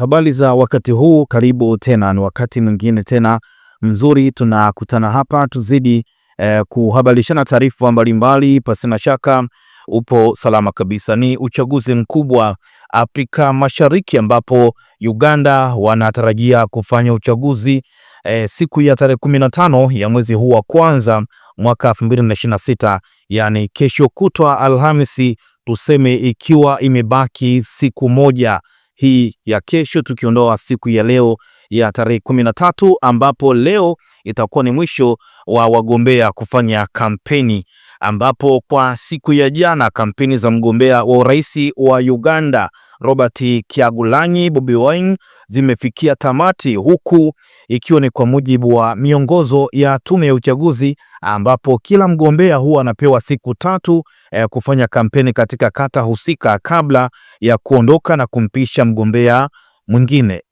Habari za wakati huu, karibu tena. Ni wakati mwingine tena mzuri tunakutana hapa tuzidi eh, kuhabarishana taarifa mbalimbali. Pasina shaka upo salama kabisa. Ni uchaguzi mkubwa Afrika Mashariki ambapo Uganda wanatarajia kufanya uchaguzi eh, siku ya tarehe 15 ya mwezi huu wa kwanza mwaka 2026, yani kesho kutwa Alhamisi, tuseme ikiwa imebaki siku moja hii ya kesho, tukiondoa siku ya leo ya tarehe kumi na tatu ambapo leo itakuwa ni mwisho wa wagombea kufanya kampeni, ambapo kwa siku ya jana kampeni za mgombea wa urais wa Uganda Robert Kyagulanyi Bobi Wine zimefikia tamati, huku ikiwa ni kwa mujibu wa miongozo ya Tume ya Uchaguzi, ambapo kila mgombea huwa anapewa siku tatu eh, kufanya kampeni katika kata husika kabla ya kuondoka na kumpisha mgombea mwingine.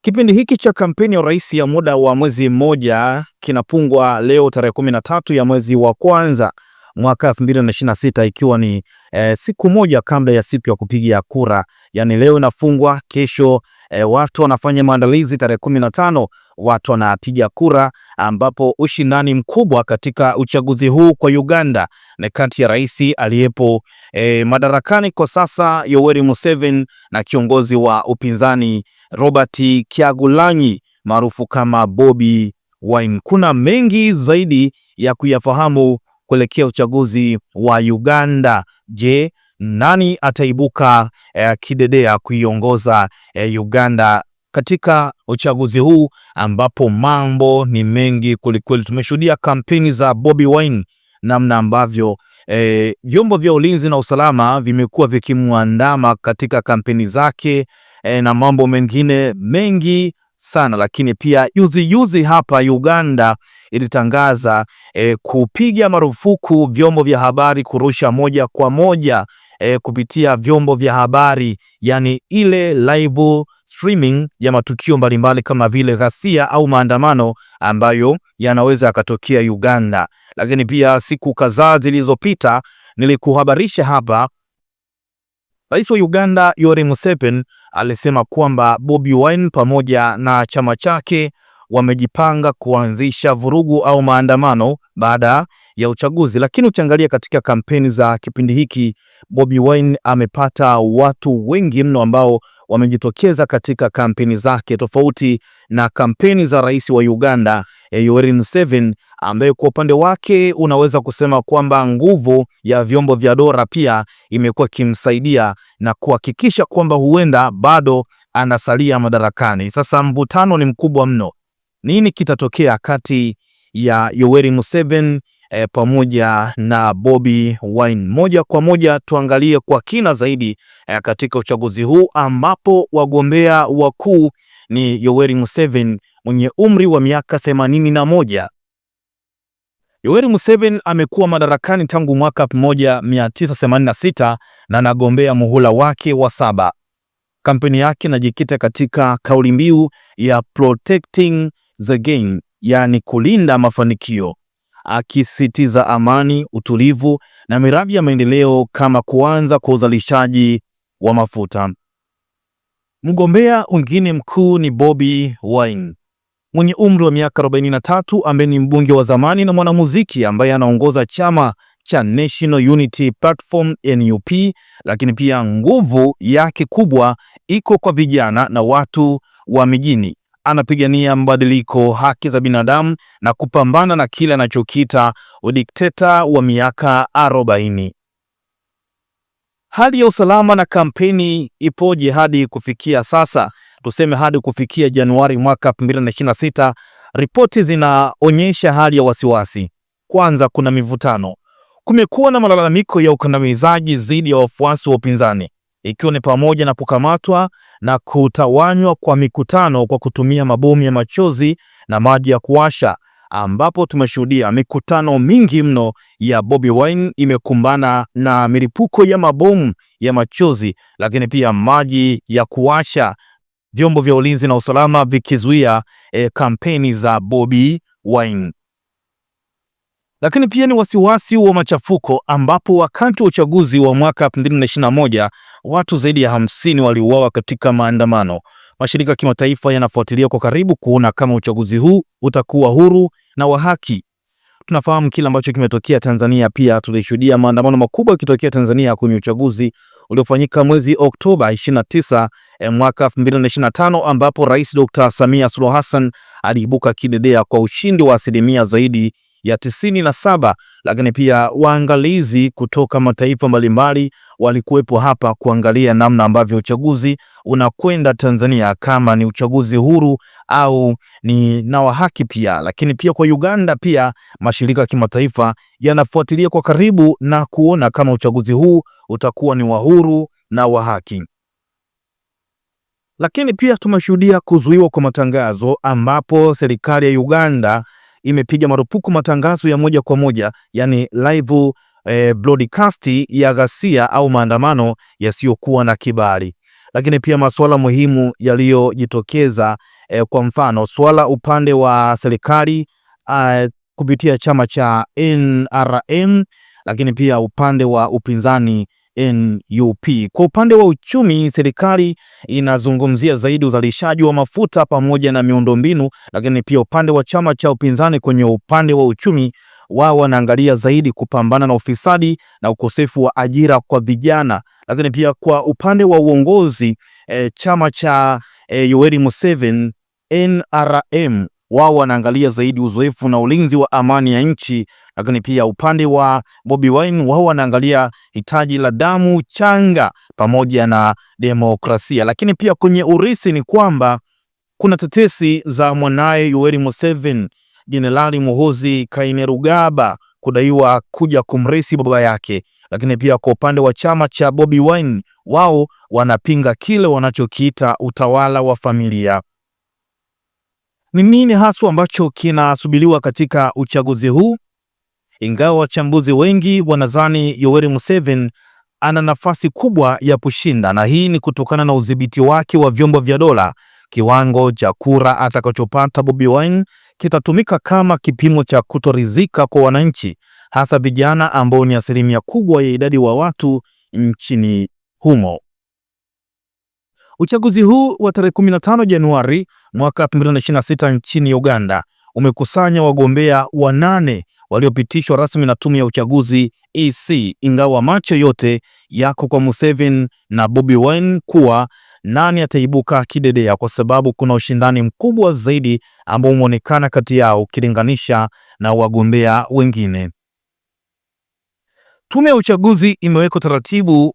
Kipindi hiki cha kampeni ya urais ya muda wa mwezi mmoja kinapungwa leo tarehe 13 ya mwezi wa kwanza mwaka 2026 ikiwa ni e, siku moja kabla ya siku ya kupiga kura, yani leo inafungwa, kesho e, watu wanafanya maandalizi, tarehe 15 watu wanapiga kura, ambapo ushindani mkubwa katika uchaguzi huu kwa Uganda ni kati ya rais aliyepo e, madarakani kwa sasa Yoweri Museveni na kiongozi wa upinzani Robert Kyagulanyi maarufu kama Bobi Wine. Kuna mengi zaidi ya kuyafahamu kuelekea uchaguzi wa Uganda. Je, nani ataibuka eh, kidedea kuiongoza eh, Uganda katika uchaguzi huu ambapo mambo ni mengi kwelikweli. Tumeshuhudia kampeni za Bobi Wine, namna ambavyo eh, vyombo vya ulinzi na usalama vimekuwa vikimwandama katika kampeni zake e, na mambo mengine mengi sana. Lakini pia juzi juzi hapa Uganda ilitangaza e, kupiga marufuku vyombo vya habari kurusha moja kwa moja e, kupitia vyombo vya habari, yani ile live streaming ya matukio mbalimbali kama vile ghasia au maandamano ambayo yanaweza yakatokea Uganda. Lakini pia siku kadhaa zilizopita nilikuhabarisha hapa Rais wa Uganda Yoweri Museveni alisema kwamba Bobi Wine pamoja na chama chake wamejipanga kuanzisha vurugu au maandamano baada ya uchaguzi. Lakini ukiangalia katika kampeni za kipindi hiki, Bobi Wine amepata watu wengi mno ambao wamejitokeza katika kampeni zake, tofauti na kampeni za rais wa Uganda eh, Yoweri Museveni ambaye kwa upande wake unaweza kusema kwamba nguvu ya vyombo vya dola pia imekuwa ikimsaidia na kuhakikisha kwamba huenda bado anasalia madarakani. Sasa mvutano ni mkubwa mno. Nini kitatokea kati ya Yoweri Museveni e, pamoja na Bobi Wine? Moja kwa moja tuangalie kwa kina zaidi e, katika uchaguzi huu ambapo wagombea wakuu ni Yoweri Museveni mwenye umri wa miaka 81 Yoweri Museveni amekuwa madarakani tangu mwaka 1986 na anagombea muhula wake wa saba. Kampeni yake inajikita katika kauli mbiu ya protecting the game, yaani kulinda mafanikio, akisisitiza amani, utulivu na miradi ya maendeleo kama kuanza kwa uzalishaji wa mafuta. Mgombea mwingine mkuu ni Bobi Wine mwenye umri wa miaka 43 ambaye ni mbunge wa zamani na mwanamuziki ambaye anaongoza chama cha National Unity Platform NUP, lakini pia nguvu yake kubwa iko kwa vijana na watu wa mijini. Anapigania mabadiliko, haki za binadamu na kupambana na kile anachokita udikteta wa miaka 40. Hali ya usalama na kampeni ipoje hadi kufikia sasa? Tuseme hadi kufikia Januari mwaka 2026, ripoti zinaonyesha hali ya wasiwasi. Kwanza, kuna mivutano. Kumekuwa na malalamiko ya ukandamizaji dhidi ya wafuasi wa upinzani, ikiwa ni pamoja na kukamatwa na kutawanywa kwa mikutano kwa kutumia mabomu ya machozi na maji ya kuwasha, ambapo tumeshuhudia mikutano mingi mno ya Bobi Wine imekumbana na milipuko ya mabomu ya machozi, lakini pia maji ya kuwasha vyombo vya ulinzi na usalama vikizuia e, kampeni za Bobi Wine. Lakini pia ni wasiwasi wa machafuko ambapo wakati wa uchaguzi wa mwaka 2021 watu zaidi ya hamsini waliuawa katika maandamano. Mashirika ya kimataifa yanafuatilia kwa karibu kuona kama uchaguzi huu utakuwa huru na wa haki. Tunafahamu kile ambacho kimetokea Tanzania. Pia tulishuhudia maandamano makubwa yakitokea Tanzania kwenye uchaguzi uliofanyika mwezi Oktoba 29 Eh, mwaka 2025 ambapo Rais Dr. Samia Suluhu Hassan aliibuka kidedea kwa ushindi wa asilimia zaidi ya tisini na saba, lakini pia waangalizi kutoka mataifa mbalimbali walikuwepo hapa kuangalia namna ambavyo uchaguzi unakwenda Tanzania, kama ni uchaguzi huru au ni na wa haki pia. Lakini pia kwa Uganda pia mashirika ya kimataifa yanafuatilia kwa karibu na kuona kama uchaguzi huu utakuwa ni wa huru na wa haki. Lakini pia tumeshuhudia kuzuiwa kwa matangazo ambapo serikali ya Uganda imepiga marufuku matangazo ya moja kwa moja, yani live eh, broadcast ya ghasia au maandamano yasiyokuwa na kibali. Lakini pia masuala muhimu yaliyojitokeza eh, kwa mfano swala upande wa serikali eh, kupitia chama cha NRM, lakini pia upande wa upinzani NUP. Kwa upande wa uchumi, serikali inazungumzia zaidi uzalishaji wa mafuta pamoja na miundombinu, lakini pia upande wa chama cha upinzani kwenye upande wa uchumi wao wanaangalia zaidi kupambana na ufisadi na ukosefu wa ajira kwa vijana, lakini pia kwa upande wa uongozi e, chama cha e, Yoweri Museveni NRM wao wanaangalia zaidi uzoefu na ulinzi wa amani ya nchi lakini pia upande wa Bobi Wine wao wanaangalia hitaji la damu changa pamoja na demokrasia, lakini pia kwenye urisi ni kwamba kuna tetesi za mwanaye Yoweri Museveni Jenerali Muhoozi Kainerugaba kudaiwa kuja kumrisi baba yake, lakini pia kwa upande wa chama cha Bobi Wine wao wanapinga kile wanachokiita utawala wa familia. Ni nini haswa ambacho kinasubiriwa katika uchaguzi huu? ingawa wachambuzi wengi wanadhani Yoweri Museveni ana nafasi kubwa ya kushinda, na hii ni kutokana na udhibiti wake wa vyombo vya dola. Kiwango cha kura atakachopata Bobi Wine kitatumika kama kipimo cha kutoridhika kwa wananchi, hasa vijana ambao ni asilimia kubwa ya idadi wa watu nchini humo. Uchaguzi huu wa tarehe 15 Januari mwaka 2026 nchini Uganda umekusanya wagombea wanane waliopitishwa rasmi na tume ya uchaguzi EC, ingawa macho yote yako kwa Museveni na Bobi Wine kuwa nani ataibuka kidedea, kwa sababu kuna ushindani mkubwa zaidi ambao umeonekana kati yao ukilinganisha na wagombea wengine. Tume ya uchaguzi imeweka taratibu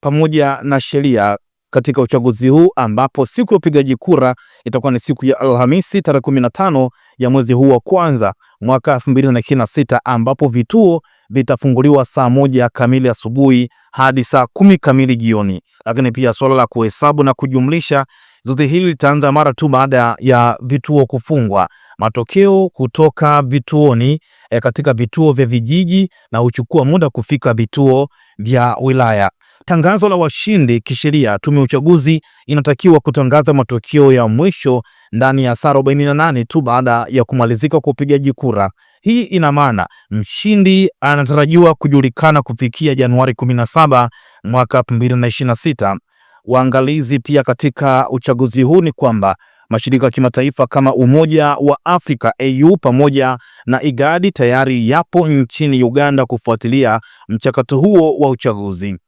pamoja na sheria katika uchaguzi huu ambapo siku ya upigaji kura itakuwa ni siku ya Alhamisi tarehe 15 ya mwezi huu wa kwanza mwaka 2026 ambapo vituo vitafunguliwa saa moja kamili asubuhi hadi saa kumi kamili jioni. Lakini pia suala la kuhesabu na kujumlisha, zote hili litaanza mara tu baada ya vituo kufungwa. Matokeo kutoka vituoni e, katika vituo vya vijiji na huchukua muda kufika vituo vya wilaya. Tangazo la washindi kisheria, tume ya uchaguzi inatakiwa kutangaza matokeo ya mwisho ndani ya saa 48 tu baada ya kumalizika kwa upigaji kura. Hii ina maana mshindi anatarajiwa kujulikana kufikia Januari 17 mwaka 2026. Waangalizi pia katika uchaguzi huu ni kwamba mashirika ya kimataifa kama Umoja wa Afrika AU pamoja na IGADI tayari yapo nchini Uganda kufuatilia mchakato huo wa uchaguzi.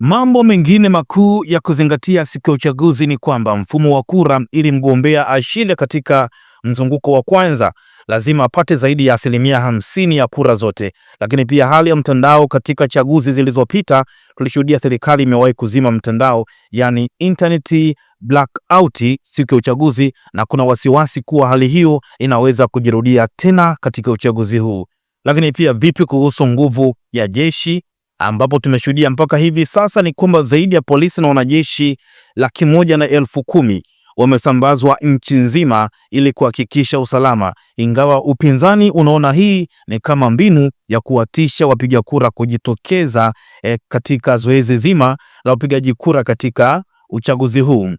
Mambo mengine makuu ya kuzingatia siku ya uchaguzi ni kwamba mfumo wa kura, ili mgombea ashinde katika mzunguko wa kwanza lazima apate zaidi ya asilimia hamsini ya kura zote. Lakini pia hali ya mtandao, katika chaguzi zilizopita tulishuhudia serikali imewahi kuzima mtandao, yani internet blackout, siku ya uchaguzi, na kuna wasiwasi kuwa hali hiyo inaweza kujirudia tena katika uchaguzi huu. Lakini pia vipi kuhusu nguvu ya jeshi ambapo tumeshuhudia mpaka hivi sasa ni kwamba zaidi ya polisi na wanajeshi laki moja na elfu kumi wamesambazwa nchi nzima ili kuhakikisha usalama, ingawa upinzani unaona hii ni kama mbinu ya kuwatisha wapiga kura kujitokeza eh, katika zoezi zima la upigaji kura katika uchaguzi huu.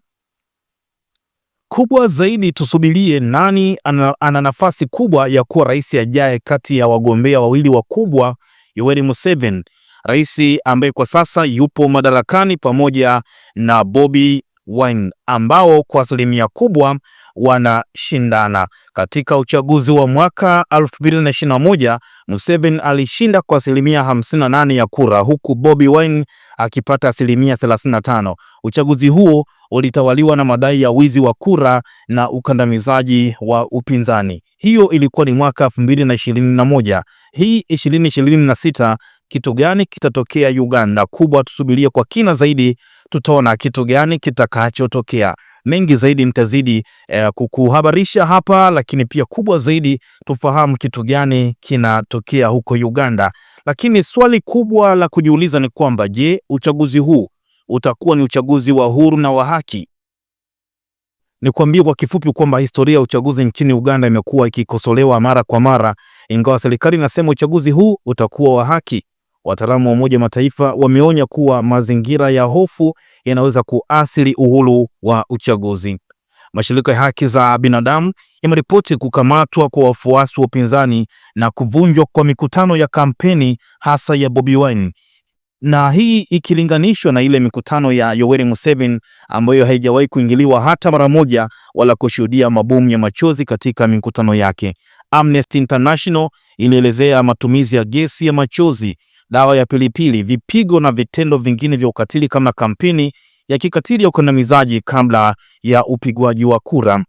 Kubwa zaidi tusubirie nani ana, ana nafasi kubwa ya kuwa rais ajaye kati ya wagombea wawili wakubwa Yoweri Museveni rais ambaye kwa sasa yupo madarakani pamoja na Bobi Wine ambao kwa asilimia kubwa wanashindana. Katika uchaguzi wa mwaka 2021 Museveni alishinda kwa asilimia 58 ya kura huku Bobi Wine akipata asilimia 35. Uchaguzi huo ulitawaliwa na madai ya wizi wa kura na ukandamizaji wa upinzani. Hiyo ilikuwa ni mwaka 2021. Hii 2026 kitu gani kitatokea Uganda kubwa. Tusubirie kwa kina zaidi, tutaona kitu gani kitakachotokea. Mengi zaidi mtazidi eh, kukuhabarisha hapa, lakini pia kubwa zaidi tufahamu kitu gani kinatokea huko Uganda. Lakini swali kubwa la kujiuliza ni kwamba je, uchaguzi huu utakuwa ni uchaguzi wa huru na wa haki? Nikwambie kwa kifupi kwamba historia ya uchaguzi nchini Uganda imekuwa ikikosolewa mara kwa mara, ingawa serikali inasema uchaguzi huu utakuwa wa haki. Wataalamu wa Umoja Mataifa wameonya kuwa mazingira ya hofu yanaweza kuathiri uhuru wa uchaguzi. Mashirika ya haki za binadamu yameripoti kukamatwa kwa wafuasi wa upinzani na kuvunjwa kwa mikutano ya kampeni hasa ya Bobi Wine, na hii ikilinganishwa na ile mikutano ya Yoweri Museveni ambayo haijawahi kuingiliwa hata mara moja wala kushuhudia mabomu ya machozi katika mikutano yake. Amnesty International ilielezea matumizi ya gesi ya machozi dawa ya pilipili, vipigo na vitendo vingine vya ukatili kama kampeni ya kikatili ya ukandamizaji kabla ya upigwaji wa kura.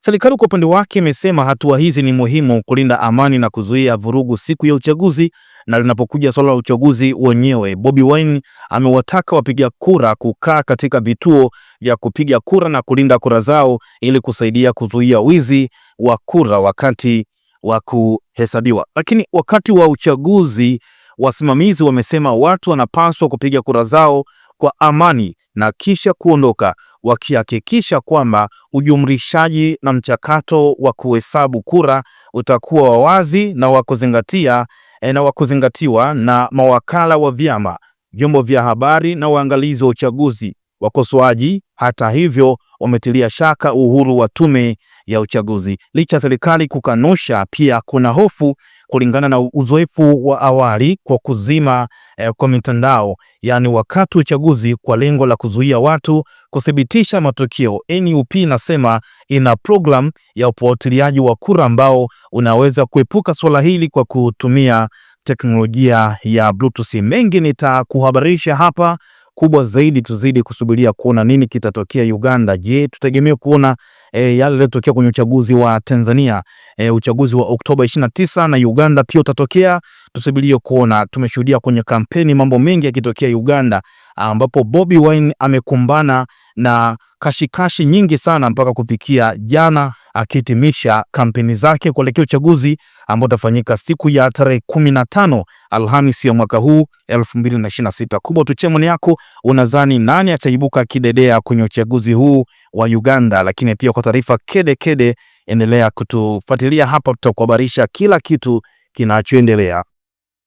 Serikali kwa upande wake imesema hatua hizi ni muhimu kulinda amani na kuzuia vurugu siku ya uchaguzi na linapokuja swala la uchaguzi wenyewe. Bobi Wine amewataka wapiga kura kukaa katika vituo vya kupiga kura na kulinda kura zao ili kusaidia kuzuia wizi wa kura wakati wa kuhesabiwa. Lakini wakati wa uchaguzi, wasimamizi wamesema watu wanapaswa kupiga kura zao kwa amani na kisha kuondoka, wakihakikisha kwamba ujumrishaji na mchakato wa kuhesabu kura utakuwa wa wazi na wa kuzingatia eh, na wa kuzingatiwa na mawakala wa vyama, vyombo vya habari na waangalizi wa uchaguzi, wakosoaji hata hivyo, wametilia shaka uhuru wa tume ya uchaguzi licha serikali kukanusha. Pia kuna hofu kulingana na uzoefu wa awali kwa kuzima eh, kwa mitandao yaani wakati uchaguzi kwa lengo la kuzuia watu kuthibitisha matokeo. NUP inasema ina program ya ufuatiliaji wa kura ambao unaweza kuepuka swala hili kwa kutumia teknolojia ya Bluetooth. Mengi nitakuhabarisha hapa kubwa zaidi. Tuzidi kusubiria kuona nini kitatokea Uganda. Je, tutegemee kuona e, yale yaliyotokea kwenye uchaguzi wa Tanzania e, uchaguzi wa Oktoba 29 na Uganda pia utatokea? Tusubirie kuona. Tumeshuhudia kwenye kampeni mambo mengi yakitokea Uganda, ambapo Bobi Wine amekumbana na kashikashi nyingi sana mpaka kufikia jana akihitimisha kampeni zake kuelekea uchaguzi ambao utafanyika siku ya tarehe 15 Alhamis ya mwaka huu 2026. Kubwa tuchie maoni yako, unadhani nani ataibuka kidedea kwenye uchaguzi huu wa Uganda? Lakini pia kwa taarifa kede kede, endelea kutufuatilia hapa, tutakuhabarisha kila kitu kinachoendelea.